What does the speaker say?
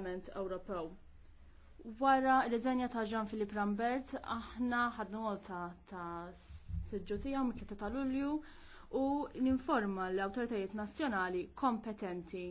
parlament Ewropew. Wara r riżenja ta' Jean-Philippe Rambert, aħna ħadnu nota ta' siġġu tiegħu mit-3 ta' Lulju u ninforma l-awtoritajiet nazzjonali kompetenti